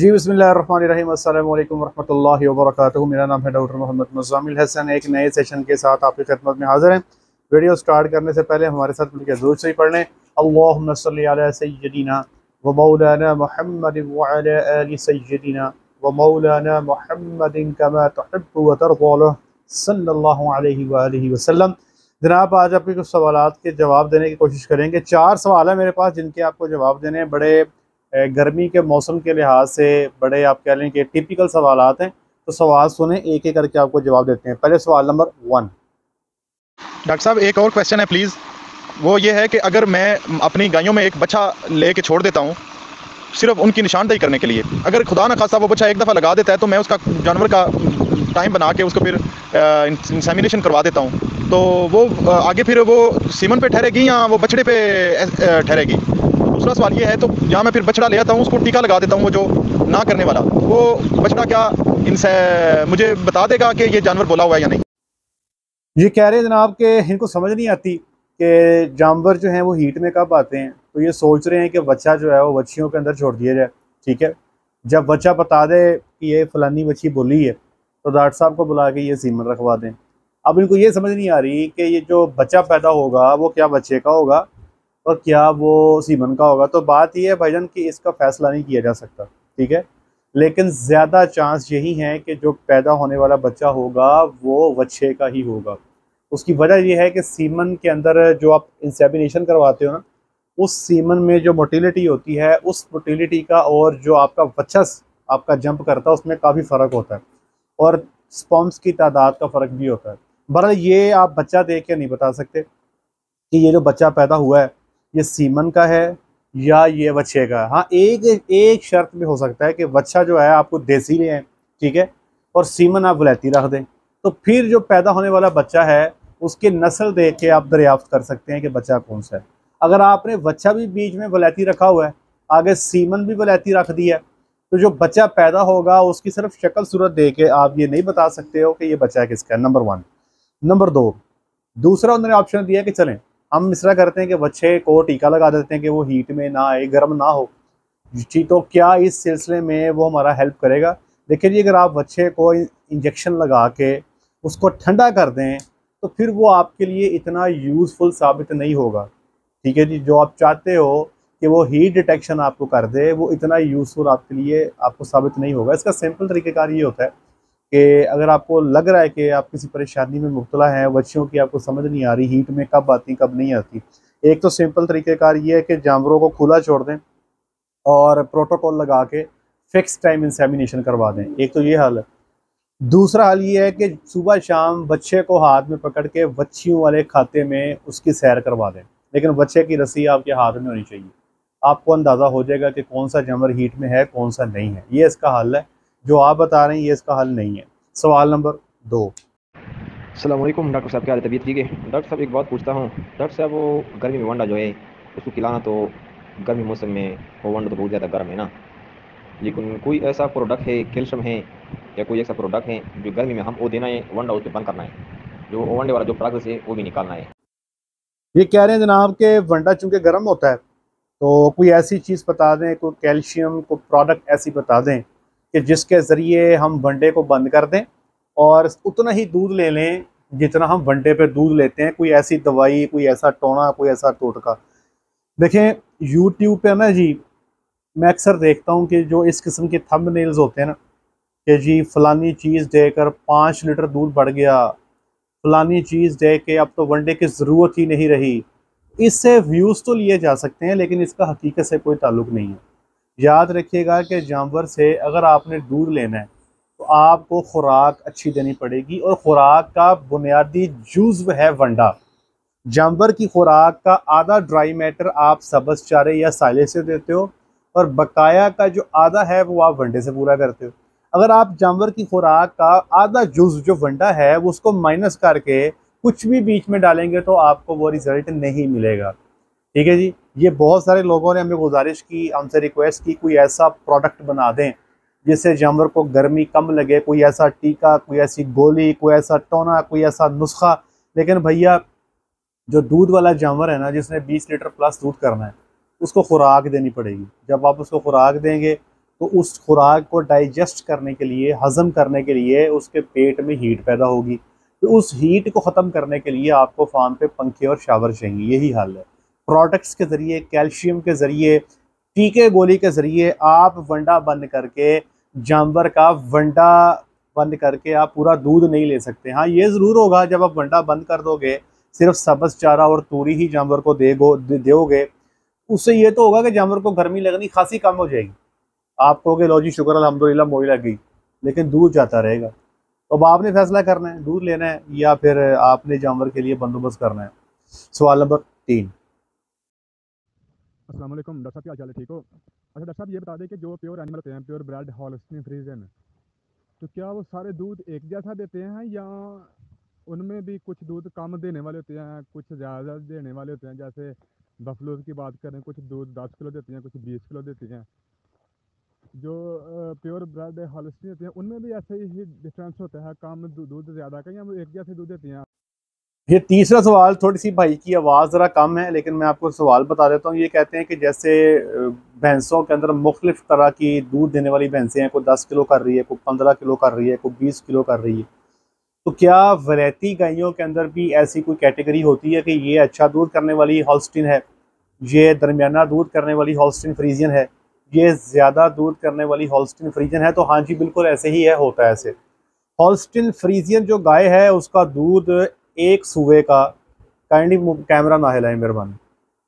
جی بسم اللہ الرحمن الرحیم السلام علیکم ورحمۃ اللہ وبرکاتہ میرا نام ہے ڈاکٹر محمد مزامل حسن ایک نئے سیشن کے ساتھ آپ کی خدمت میں حاضر ہیں ویڈیو سٹارٹ کرنے سے پہلے ہمارے ساتھ مل کے ضرور سے ہی پڑھنے وسلم جناب آج آپ کے کچھ سوالات کے جواب دینے کی کوشش کریں گے چار سوال ہیں میرے پاس جن کے آپ کو جواب دینے ہیں بڑے گرمی کے موسم کے لحاظ سے بڑے آپ کہہ لیں کہ ٹیپیکل سوالات ہیں تو سوال سنیں ایک ایک کر کے آپ کو جواب دیتے ہیں پہلے سوال نمبر ون ڈاکٹر صاحب ایک اور کویشچن ہے پلیز وہ یہ ہے کہ اگر میں اپنی گائیوں میں ایک بچہ لے کے چھوڑ دیتا ہوں صرف ان کی نشاندہی کرنے کے لیے اگر خدا نہ خاصا وہ بچہ ایک دفعہ لگا دیتا ہے تو میں اس کا جانور کا ٹائم بنا کے اس کو پھر انسیمینیشن کروا دیتا ہوں تو وہ آگے پھر وہ سیمن پہ ٹھہرے گی یا وہ بچڑے پہ ٹھہرے گی دوسرا سوال یہ ہے تو میں پھر بچڑا لے آتا ہوں اس کو ٹیکا لگا دیتا ہوں وہ جو نہ کرنے والا وہ بچڑا کیا مجھے بتا دے گا کہ یہ جانور بولا ہوا ہے یا نہیں یہ کہہ رہے جناب کہ ان کو سمجھ نہیں آتی کہ جانور جو ہیں وہ ہیٹ میں کب آتے ہیں تو یہ سوچ رہے ہیں کہ بچہ جو ہے وہ بچیوں کے اندر چھوڑ دیا جائے ٹھیک ہے جب بچہ بتا دے کہ یہ فلانی بچی بولی ہے تو ڈاکٹر صاحب کو بلا کے یہ سیمن رکھوا دیں اب ان کو یہ سمجھ نہیں آ رہی کہ یہ جو بچہ پیدا ہوگا وہ کیا بچے کا ہوگا اور کیا وہ سیمن کا ہوگا تو بات یہ ہے بھائی جان کہ اس کا فیصلہ نہیں کیا جا سکتا ٹھیک ہے لیکن زیادہ چانس یہی ہیں کہ جو پیدا ہونے والا بچہ ہوگا وہ وچھے کا ہی ہوگا اس کی وجہ یہ ہے کہ سیمن کے اندر جو آپ انسیبینیشن کرواتے ہو نا اس سیمن میں جو موٹیلٹی ہوتی ہے اس موٹیلیٹی کا اور جو آپ کا وچَس آپ کا جمپ کرتا ہے اس میں کافی فرق ہوتا ہے اور اسپمپس کی تعداد کا فرق بھی ہوتا ہے برحال یہ آپ بچہ دیکھ کے نہیں بتا سکتے کہ یہ جو بچہ پیدا ہوا ہے یہ سیمن کا ہے یا یہ وچھے کا ہاں ایک ایک شرط بھی ہو سکتا ہے کہ وچھا جو ہے آپ کو دیسی لے ہیں ٹھیک ہے اور سیمن آپ ولیتی رکھ دیں تو پھر جو پیدا ہونے والا بچہ ہے اس کی نسل دیکھ کے آپ دریافت کر سکتے ہیں کہ بچہ کون سا ہے اگر آپ نے وچھا بھی بیچ میں ولیتی رکھا ہوا ہے آگے سیمن بھی ولیتی رکھ دی ہے تو جو بچہ پیدا ہوگا اس کی صرف شکل صورت دے کے آپ یہ نہیں بتا سکتے ہو کہ یہ بچہ کس کا ہے نمبر ون نمبر دو دوسرا انہوں نے آپشن دیا کہ چلیں ہم اس طرح کرتے ہیں کہ بچے کو ٹیکہ لگا دیتے ہیں کہ وہ ہیٹ میں نہ آئے گرم نہ ہو جی تو کیا اس سلسلے میں وہ ہمارا ہیلپ کرے گا لیکن جی اگر آپ بچے کو انجیکشن لگا کے اس کو ٹھنڈا کر دیں تو پھر وہ آپ کے لیے اتنا یوزفل ثابت نہیں ہوگا ٹھیک ہے جی جو آپ چاہتے ہو کہ وہ ہیٹ ڈیٹیکشن آپ کو کر دے وہ اتنا یوزفل آپ کے لیے آپ کو ثابت نہیں ہوگا اس کا سمپل طریقہ کار یہ ہوتا ہے کہ اگر آپ کو لگ رہا ہے کہ آپ کسی پریشانی میں مبتلا ہیں بچیوں کی آپ کو سمجھ نہیں آ رہی ہیٹ میں کب آتی کب نہیں آتی ایک تو سمپل طریقہ کار یہ ہے کہ جانوروں کو کھلا چھوڑ دیں اور پروٹوکول لگا کے فکس ٹائم انسیمینیشن کروا دیں ایک تو یہ حال ہے دوسرا حل یہ ہے کہ صبح شام بچے کو ہاتھ میں پکڑ کے بچیوں والے کھاتے میں اس کی سیر کروا دیں لیکن بچے کی رسی آپ کے ہاتھ میں ہونی چاہیے آپ کو اندازہ ہو جائے گا کہ کون سا جمر ہیٹ میں ہے کون سا نہیں ہے یہ اس کا حل ہے جو آپ بتا رہے ہیں یہ اس کا حل نہیں ہے سوال نمبر دو السلام علیکم ڈاکٹر صاحب کیا طبیعت ٹھیک ہے ڈاکٹر صاحب ایک بات پوچھتا ہوں ڈاکٹر صاحب وہ گرمی میں ونڈا جو ہے اس کو کھلانا تو گرمی موسم میں وہ ونڈا تو بہت زیادہ گرم ہے نا لیکن کوئی ایسا پروڈکٹ ہے کیلشیم ہے یا کوئی ایسا پروڈکٹ ہے جو گرمی میں ہم وہ دینا ہے ونڈا اس پہ بند کرنا ہے جو ونڈے والا جو پروسیس ہے وہ بھی نکالنا ہے یہ کہہ رہے ہیں جناب کہ ونڈا چونکہ گرم ہوتا ہے تو کوئی ایسی چیز بتا دیں کوئی کیلشیم کو پروڈکٹ ایسی بتا دیں کہ جس کے ذریعے ہم ونڈے کو بند کر دیں اور اتنا ہی دودھ لے لیں جتنا ہم ونڈے پہ دودھ لیتے ہیں کوئی ایسی دوائی کوئی ایسا ٹونا کوئی ایسا ٹوٹکا دیکھیں یوٹیوب پہ نا جی میں اکثر دیکھتا ہوں کہ جو اس قسم کے تھمب نیلز ہوتے ہیں نا کہ جی فلانی چیز دے کر پانچ لیٹر دودھ بڑھ گیا فلانی چیز دے کے اب تو ونڈے کی ضرورت ہی نہیں رہی اس سے ویوز تو لیے جا سکتے ہیں لیکن اس کا حقیقت سے کوئی تعلق نہیں ہے یاد رکھیے گا کہ جانور سے اگر آپ نے دور لینا ہے تو آپ کو خوراک اچھی دینی پڑے گی اور خوراک کا بنیادی جزو ہے ونڈا جانور کی خوراک کا آدھا ڈرائی میٹر آپ سبز چارے یا سائلے سے دیتے ہو اور بقایا کا جو آدھا ہے وہ آپ ونڈے سے پورا کرتے ہو اگر آپ جانور کی خوراک کا آدھا جز جو ونڈا ہے وہ اس کو مائنس کر کے کچھ بھی بیچ میں ڈالیں گے تو آپ کو وہ ریزلٹ نہیں ملے گا ٹھیک ہے جی یہ بہت سارے لوگوں نے ہمیں گزارش کی ہم سے ریکویسٹ کی کوئی ایسا پروڈکٹ بنا دیں جس سے جانور کو گرمی کم لگے کوئی ایسا ٹیکا کوئی ایسی گولی کوئی ایسا ٹونا کوئی ایسا نسخہ لیکن بھیا جو دودھ والا جانور ہے نا جس نے بیس لیٹر پلس دودھ کرنا ہے اس کو خوراک دینی پڑے گی جب آپ اس کو خوراک دیں گے تو اس خوراک کو ڈائجسٹ کرنے کے لیے ہضم کرنے کے لیے اس کے پیٹ میں ہیٹ پیدا ہوگی تو اس ہیٹ کو ختم کرنے کے لیے آپ کو فارم پہ پنکھے اور شاور چاہیے یہی حال ہے پروڈکٹس کے ذریعے کیلشیم کے ذریعے ٹیکے گولی کے ذریعے آپ ونڈا بند کر کے جانور کا ونڈا بند کر کے آپ پورا دودھ نہیں لے سکتے ہاں یہ ضرور ہوگا جب آپ ونڈا بند کر دو گے صرف سبز چارہ اور توری ہی جانور کو دے گو دو گے اس سے یہ تو ہوگا کہ جانور کو گرمی لگنی خاصی کم ہو جائے گی آپ کہو گے لو جی شکر الحمدللہ موئی لگ گئی لیکن دودھ جاتا رہے گا اب آپ نے فیصلہ کرنا ہے دودھ لینا ہے یا پھر آپ نے جانور کے لیے بندوبست کرنا ہے سوال نمبر تین السلام علیکم ڈاکٹر صاحب کیا چال ہے ٹھیک ہو اچھا ڈاکٹر صاحب یہ بتا دیں کہ جو پیور اینیمل ہوتے ہیں پیور بریڈ ہالسٹین فریز ہیں تو کیا وہ سارے دودھ ایک جیسا دیتے ہیں یا ان میں بھی کچھ دودھ کم دینے والے ہوتے ہیں کچھ زیادہ دینے والے ہوتے ہیں جیسے بفلوز کی بات کریں کچھ دودھ دس کلو دیتے ہیں کچھ بیس کلو دیتی ہیں جو پیور بریڈ ہالسٹین ہوتے ہیں ان میں بھی ایسے ہی ڈفرینس ہوتا ہے کم دودھ زیادہ کا یا وہ ایک جیسے دودھ دیتے ہیں یہ تیسرا سوال تھوڑی سی بھائی کی آواز ذرا کم ہے لیکن میں آپ کو سوال بتا دیتا ہوں یہ کہتے ہیں کہ جیسے بھینسوں کے اندر مختلف طرح کی دودھ دینے والی بھینسیں ہیں کوئی دس کلو کر رہی ہے کوئی پندرہ کلو کر رہی ہے کوئی بیس کلو کر رہی ہے تو کیا ولیتی گائیوں کے اندر بھی ایسی کوئی کیٹیگری ہوتی ہے کہ یہ اچھا دودھ کرنے والی ہالسٹین ہے یہ درمیانہ دودھ کرنے والی ہالسٹین فریزین ہے یہ زیادہ دودھ کرنے والی ہالسٹین فریزین ہے تو ہاں جی بالکل ایسے ہی ہے ہوتا ہے ایسے ہالسٹن فریزین جو گائے ہے اس کا دودھ ایک سوے کا کائنڈلی کیمرہ نہ ہلائیں مہربانی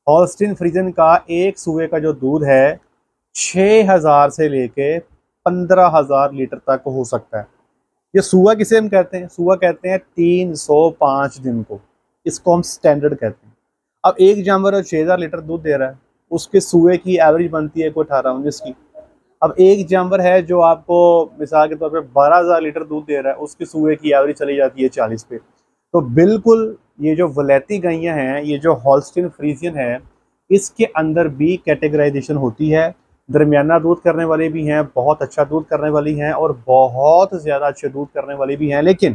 ہالسٹین فریجن کا ایک سوے کا جو دودھ ہے چھ ہزار سے لے کے پندرہ ہزار لیٹر تک ہو سکتا ہے یہ سوا کسے ہم کہتے ہیں سوا کہتے ہیں تین سو پانچ دن کو اس کو ہم سٹینڈرڈ کہتے ہیں اب ایک جانور چھ ہزار لیٹر دودھ دے رہا ہے اس کے سوئے کی ایوریج بنتی ہے کوئی اٹھارہ انیس کی اب ایک جانور ہے جو آپ کو مثال کے طور پہ بارہ ہزار لیٹر دودھ دے رہا ہے اس کے سوئے کی ایوریج چلی جاتی ہے چالیس پہ تو بالکل یہ جو ولیتی گئیاں ہیں یہ جو ہالسٹن فریزین ہیں اس کے اندر بھی کیٹیگرائزیشن ہوتی ہے درمیانہ دودھ کرنے والے بھی ہیں بہت اچھا دودھ کرنے والی ہیں اور بہت زیادہ اچھے دودھ کرنے والے بھی ہیں لیکن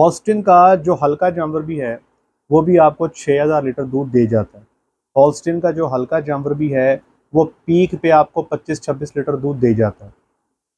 ہالسٹن کا جو ہلکا جانور بھی ہے وہ بھی آپ کو چھ ہزار لیٹر دودھ دے جاتا ہے ہالسٹن کا جو ہلکا جانور بھی ہے وہ پیک پہ آپ کو پچیس چھبیس لیٹر دودھ دے جاتا ہے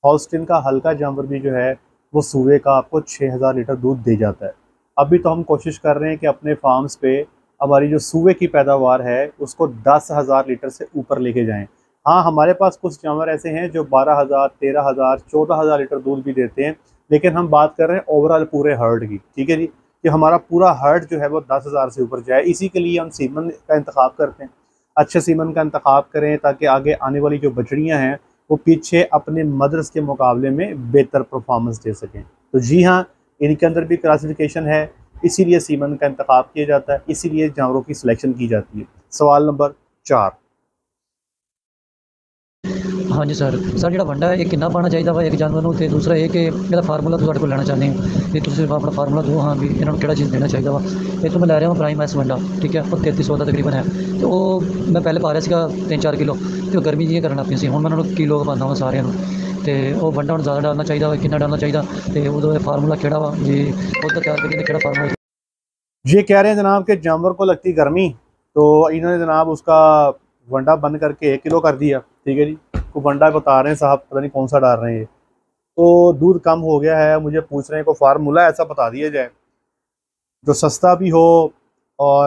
ہالسٹن کا ہلکا جانور بھی جو ہے وہ سوئے کا آپ کو چھ ہزار لیٹر دودھ دے جاتا ہے ابھی تو ہم کوشش کر رہے ہیں کہ اپنے فارمز پہ ہماری جو سوئے کی پیداوار ہے اس کو دس ہزار لیٹر سے اوپر لے کے جائیں ہاں ہمارے پاس کچھ جانور ایسے ہیں جو بارہ ہزار تیرہ ہزار چودہ ہزار لیٹر دودھ بھی دیتے ہیں لیکن ہم بات کر رہے ہیں اوورال پورے ہرڈ کی ٹھیک ہے جی کہ ہمارا پورا ہرڈ جو ہے وہ دس ہزار سے اوپر جائے اسی کے لیے ہم سیمن کا انتخاب کرتے ہیں اچھے سیمن کا انتخاب کریں تاکہ آگے آنے والی جو بچڑیاں ہیں وہ پیچھے اپنے مدرس کے مقابلے میں بہتر پرفارمنس دے سکیں تو جی ہاں ان کے اندر بھی ہے اسی لیے سیمن کا انتخاب کیا جاتا ہے اسی لیے جانوروں کی سلیکشن کی جاتی ہے سوال نمبر چار ہاں جی سر سر جاڈا ہے یہ کنہیں پانا چاہیے وا ایک جانور نو جانوروں دوسرا ہے کہ میرا فارمولا تو کو لینا چاہتے ہو کہ تم اپنا فارمولا دو ہاں بھی انہوں نے کہڑا چیز دینا چاہیے وا یہ تو میں لے رہا ہوں پرائم ایس ونڈا ٹھیک ہے بہتی سو کا تقریباً ہے تو وہ میں پہلے پا رہا تھا تین چار کلو تو گرمی کی کرنا پیسی ہوں میں کی کلو پاؤں ہوں سارے سارے تو وہ ونڈا زیادہ ڈالنا ڈالنا چاہیے چاہیے وہ وہ تو فارمولا فارمولا جی یہ کہہ رہے ہیں جناب کہ جانور کو لگتی گرمی تو انہوں نے جناب اس کا ونڈا بند کر کے ایک کلو کر دیا ٹھیک ہے جی وہ ونڈا بتا رہے ہیں صاحب پتہ نہیں کون سا ڈال رہے ہیں تو دودھ کم ہو گیا ہے مجھے پوچھ رہے ہیں کہ فارمولا ایسا بتا دیا جائے جو سستا بھی ہو اور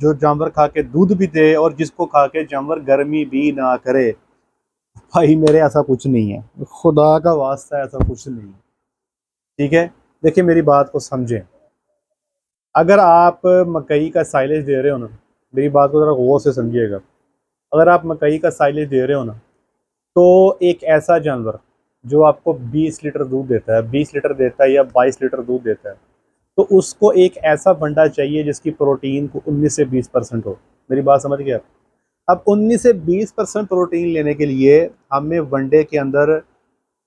جو جانور کھا کے دودھ بھی دے اور جس کو کھا کے جانور گرمی بھی نہ کرے بھائی میرے ایسا کچھ نہیں ہے خدا کا واسطہ ایسا کچھ نہیں ٹھیک ہے دیکھیں میری بات کو سمجھیں اگر آپ مکئی کا سائلیج دے رہے ہو نا میری بات کو ذرا غور سے سمجھیے گا اگر آپ مکئی کا سائلیج دے رہے ہو نا تو ایک ایسا جانور جو آپ کو بیس لیٹر دودھ دیتا ہے بیس لیٹر دیتا ہے یا بائیس لیٹر دودھ دیتا ہے تو اس کو ایک ایسا بنڈا چاہیے جس کی پروٹین کو انیس سے بیس پرسنٹ ہو میری بات سمجھ گیا اب انیس سے بیس پرسنٹ پروٹین لینے کے لیے ہمیں ون ڈے کے اندر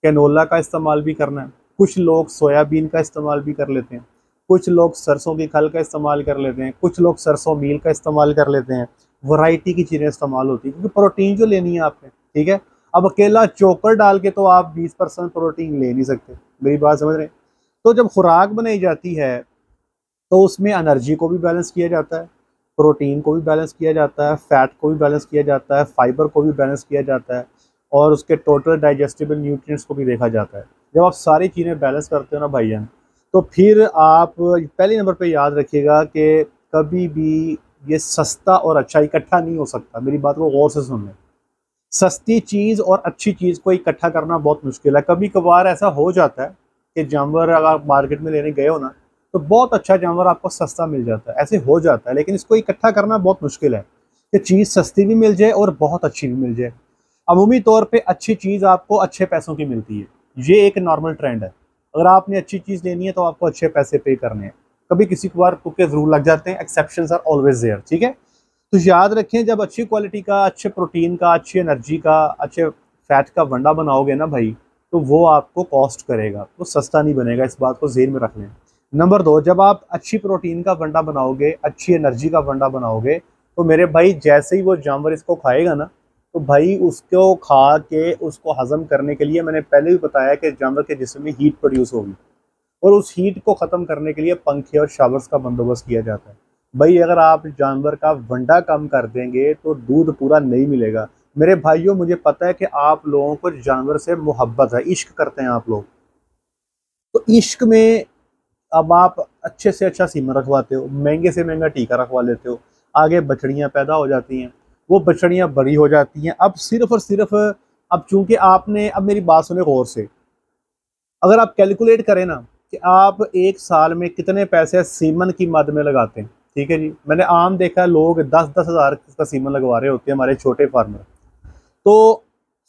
کینولا کا استعمال بھی کرنا ہے کچھ لوگ سویا بین کا استعمال بھی کر لیتے ہیں کچھ لوگ سرسوں کی کھل کا استعمال کر لیتے ہیں کچھ لوگ سرسوں میل کا استعمال کر لیتے ہیں ورائٹی کی چیزیں استعمال ہوتی ہیں کیونکہ پروٹین جو لینی ہے آپ نے ٹھیک ہے اب اکیلا چوکر ڈال کے تو آپ بیس پرسنٹ پروٹین لے نہیں سکتے میری بات سمجھ رہے ہیں تو جب خوراک بنائی جاتی ہے تو اس میں انرجی کو بھی بیلنس کیا جاتا ہے پروٹین کو بھی بیلنس کیا جاتا ہے فیٹ کو بھی بیلنس کیا جاتا ہے فائبر کو بھی بیلنس کیا جاتا ہے اور اس کے ٹوٹل ڈائجسٹیبل نیوٹرینٹس کو بھی دیکھا جاتا ہے جب آپ ساری چیزیں بیلنس کرتے ہو نا بھائی تو پھر آپ پہلے نمبر پہ یاد رکھیے گا کہ کبھی بھی یہ سستا اور اچھا اکٹھا نہیں ہو سکتا میری بات کو غور سے سن لیں سستی چیز اور اچھی چیز کو اکٹھا کرنا بہت مشکل ہے کبھی کبھار ایسا ہو جاتا ہے کہ جانور اگر آپ مارکیٹ میں لینے گئے ہو نا تو بہت اچھا جانور آپ کو سستا مل جاتا ہے ایسے ہو جاتا ہے لیکن اس کو اکٹھا کرنا بہت مشکل ہے کہ چیز سستی بھی مل جائے اور بہت اچھی بھی مل جائے عمومی طور پہ اچھی چیز آپ کو اچھے پیسوں کی ملتی ہے یہ ایک نارمل ٹرینڈ ہے اگر آپ نے اچھی چیز لینی ہے تو آپ کو اچھے پیسے پے کرنے ہیں کبھی کسی کو بار تو ضرور لگ جاتے ہیں ایکسیپشنز آر آلویز دیئر ٹھیک ہے تو یاد رکھیں جب اچھی کوالٹی کا اچھے پروٹین کا اچھی انرجی کا اچھے فیٹ کا ونڈا بناؤ گے نا بھائی تو وہ آپ کو کاسٹ کرے گا وہ سستا نہیں بنے گا اس بات کو زیر میں رکھ لیں نمبر دو جب آپ اچھی پروٹین کا ونڈا بناؤ گے اچھی انرجی کا ونڈا بناؤ گے تو میرے بھائی جیسے ہی وہ جانور اس کو کھائے گا نا تو بھائی اس کو کھا کے اس کو ہضم کرنے کے لیے میں نے پہلے بھی بتایا کہ جانور کے جسم میں ہیٹ پروڈیوس ہوگی اور اس ہیٹ کو ختم کرنے کے لیے پنکھے اور شاورز کا بندوبست کیا جاتا ہے بھائی اگر آپ جانور کا ونڈا کم کر دیں گے تو دودھ پورا نہیں ملے گا میرے بھائیوں مجھے پتہ ہے کہ آپ لوگوں کو جانور سے محبت ہے عشق کرتے ہیں آپ لوگ تو عشق میں اب آپ اچھے سے اچھا سیمن رکھواتے ہو مہنگے سے مہنگا ٹیکا رکھوا لیتے ہو آگے بچڑیاں پیدا ہو جاتی ہیں وہ بچڑیاں بڑی ہو جاتی ہیں اب صرف اور صرف اب چونکہ آپ نے اب میری بات سنے غور سے اگر آپ کیلکولیٹ کریں نا کہ آپ ایک سال میں کتنے پیسے سیمن کی مد میں لگاتے ہیں ٹھیک ہے جی میں نے عام دیکھا لوگ دس دس ہزار کا سیمن لگوا رہے ہوتے ہیں ہمارے چھوٹے فارمر تو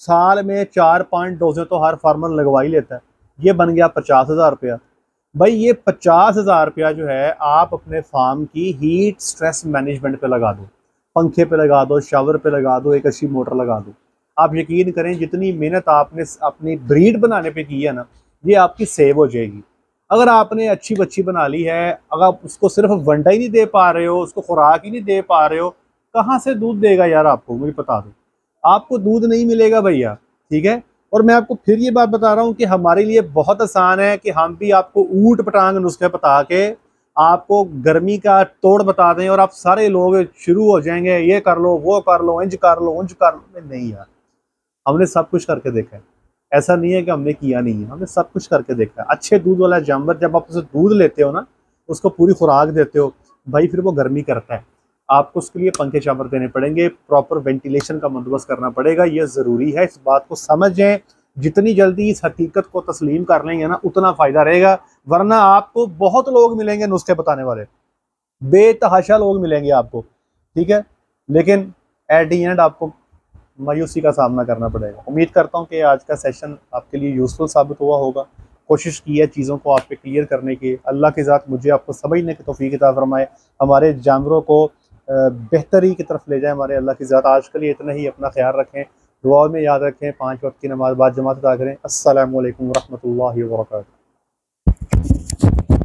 سال میں چار پانچ ڈوزیں تو ہر فارمر لگوا ہی لیتا ہے یہ بن گیا پچاس ہزار روپیہ بھائی یہ پچاس ہزار روپیہ جو ہے آپ اپنے فارم کی ہیٹ سٹریس مینجمنٹ پہ لگا دو پنکھے پہ لگا دو شاور پہ لگا دو ایک اچھی موٹر لگا دو آپ یقین کریں جتنی محنت آپ نے اپنی بریڈ بنانے پہ کی ہے نا یہ آپ کی سیو ہو جائے گی اگر آپ نے اچھی بچی بنا لی ہے اگر آپ اس کو صرف ونڈا ہی نہیں دے پا رہے ہو اس کو خوراک ہی نہیں دے پا رہے ہو کہاں سے دودھ دے گا یار آپ کو مجھے بتا دو آپ کو دودھ نہیں ملے گا بھیا ٹھیک ہے اور میں آپ کو پھر یہ بات بتا رہا ہوں کہ ہمارے لیے بہت آسان ہے کہ ہم بھی آپ کو اونٹ پٹانگ نسخے پتا کے آپ کو گرمی کا توڑ بتا دیں اور آپ سارے لوگ شروع ہو جائیں گے یہ کر لو وہ کر لو انج کر لو انج کر لو میں نہیں یار ہم نے سب کچھ کر کے دیکھا ہے ایسا نہیں ہے کہ ہم نے کیا نہیں ہے ہم نے سب کچھ کر کے دیکھا ہے اچھے دودھ والا جانور جب آپ اسے دودھ لیتے ہو نا اس کو پوری خوراک دیتے ہو بھائی پھر وہ گرمی کرتا ہے آپ کو اس کے لیے پنکھے چاور دینے پڑیں گے پراپر وینٹیلیشن کا بندوبست کرنا پڑے گا یہ ضروری ہے اس بات کو سمجھیں جتنی جلدی اس حقیقت کو تسلیم کر لیں گے نا اتنا فائدہ رہے گا ورنہ آپ کو بہت لوگ ملیں گے نسخے بتانے والے بے تحاشا لوگ ملیں گے آپ کو ٹھیک ہے لیکن ایٹ دی اینڈ آپ کو مایوسی کا سامنا کرنا پڑے گا امید کرتا ہوں کہ آج کا سیشن آپ کے لیے یوزفل ثابت ہوا ہوگا کوشش کی ہے چیزوں کو آپ پہ کلیئر کرنے کی اللہ کے ذات مجھے آپ کو سمجھنے کی توفیق عطا فرمائے ہمارے جانوروں کو بہتری کی طرف لے جائیں ہمارے اللہ کی ذات آج کل لیے اتنا ہی اپنا خیال رکھیں دعاؤں میں یاد رکھیں پانچ وقت کی نماز بعد جماعت ادا کریں السلام علیکم ورحمۃ اللہ وبرکاتہ